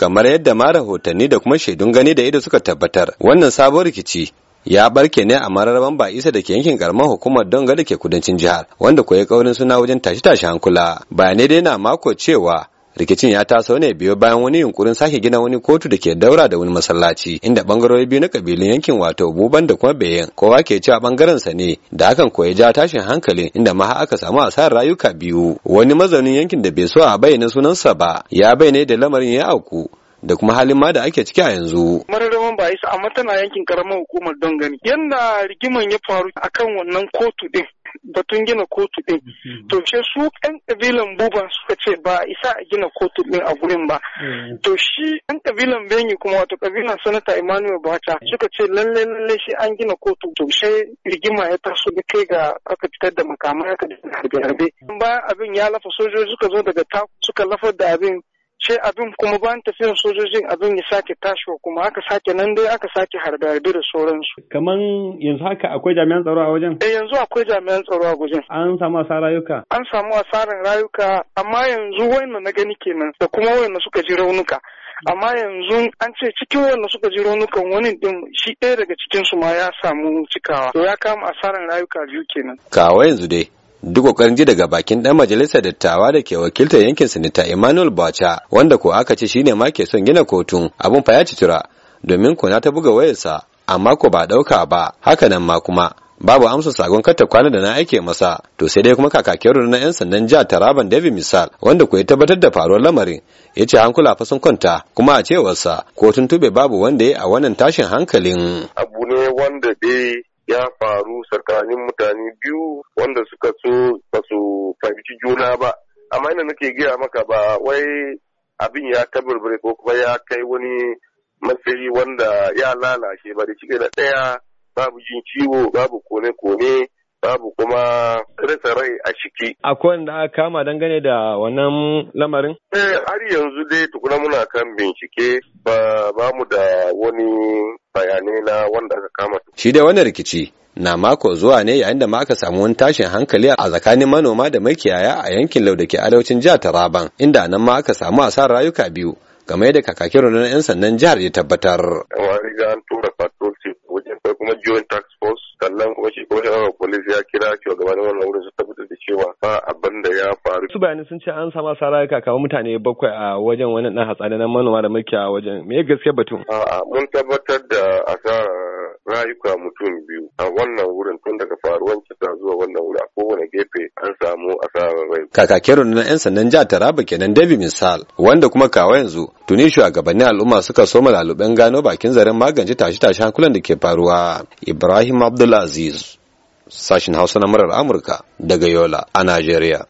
kamar yadda ma rahotanni da kuma shaidun gani da ido suka tabbatar wannan sabon rikici ya barke ne a mararaban ba isa da ke yankin karamar hukumar donga da ke kudancin jihar wanda koyi kaurin suna wajen tashi tashi hankula bayanai dai na mako cewa rikicin ya taso ne biyo bayan wani yunkurin sake gina wani kotu da ke daura da wani masallaci inda bangarori biyu na kabilun yankin wato buban da kuma bayan kowa ke cewa bangaren sa ne da hakan koyi ja tashin hankali inda ma aka samu asarar rayuka biyu wani mazaunin yankin da bai so a bayyana sunansa ba ya bayyana da lamarin ya auku da kuma halin ma da ake ciki a yanzu. Mararaman ba isa amma tana yankin karamar hukumar don gani. Yanda rigiman ya faru akan wannan kotu din batun gina kotu ɗin. Mm-hmm. To shi su ɗan ƙabilan buban suka ce ba isa a gina kotu ɗin a gurin ba. Mm-hmm. To shi ɗan ƙabilan benin kuma wato ƙabilan sanata Emmanuel Bata suka ce lallai lalle shi an gina kotu. To shi rigima ya taso da kai ga aka fitar da makamai aka da harbe-harbe. Bayan abin ya lafa sojoji suka zo daga taku suka lafa da abin sai abin kuma bayan tafiyar sojojin abin ya sake tashiwa kuma aka sake nan dai aka sake harbe-harbe da sauransu. Kaman yanzu haka akwai jami'an tsaro a wajen? Eh yanzu akwai jami'an tsaro a wajen. An samu asarar rayuka? An samu asarar rayuka amma yanzu wayanda na gani kenan da kuma wayanda suka ji raunuka. amma yanzu an ce cikin wanda suka ji raunukan wani din shi ɗaya daga cikinsu ma ya samu cikawa to ya kama asarar rayuka biyu kenan. Kawa yanzu dai duk kokarin ji daga bakin dan majalisar dattawa da ke wakiltar yankin sinita Emmanuel Bacha wanda ko aka ce shine ma ke son gina kotun abun fa ya ci tura, domin kuna ta buga wayarsa amma ko ba dauka ba haka nan ma kuma babu amsa sagon katta kwana da na aike masa to sai dai kuma kakakin na yan sandan jihar Taraban David Misal wanda ko ya tabbatar da faruwar lamarin ya ce hankula fa sun kwanta kuma a cewarsa kotun tube babu wanda ya a wannan tashin hankalin abu ne wanda dai ya faru tsakanin mutane biyu wanda suka kamar nake gaya maka ba wai abin ya kabirbire ko kuma ya kai wani matsayi wanda ya lalace ba da cike da ɗaya babu jin ciwo babu kone-kone babu kuma rasa rai a ciki. Akwai wanda aka kama dangane da wannan lamarin? Eh, har yanzu dai tukuna muna kan bincike ba mu da wani bayanai na wanda aka kama. Shi da wannan rikici na mako zuwa ne yayin da ma aka samu wani tashin hankali a tsakanin manoma da makiyaya a yankin lau da ke arewacin jihar Taraban inda nan ma aka samu asarar rayuka biyu game da kakakin rundunar 'yan sannan jihar ya tabbatar. an tura patrol chief wajen kai kuma joint tax force sannan kuma shi kuma shawarar police ya kira shugabannin wannan wurin su tabbatar da cewa ba abin da ya faru. Su bayanin sun ce an sama rayuka kakawa mutane bakwai a wajen wani ɗan hatsari na manoma da makiya wajen me gaskiya batun. A'a mun tabbatar da asarar rayuka mutum biyu a wannan wurin tun daga faruwan kisa zuwa wannan wuri a kowane gefe an samu asarar rai. Kakakin rundunar 'yan sandan jihar Taraba kenan David Misal wanda kuma kawo yanzu tuni shugabannin al'umma suka soma lalubin gano bakin zaren magance tashe tashi hankulan da ke faruwa. Ibrahim Abdulaziz sashin Hausa na murar Amurka daga Yola a Najeriya.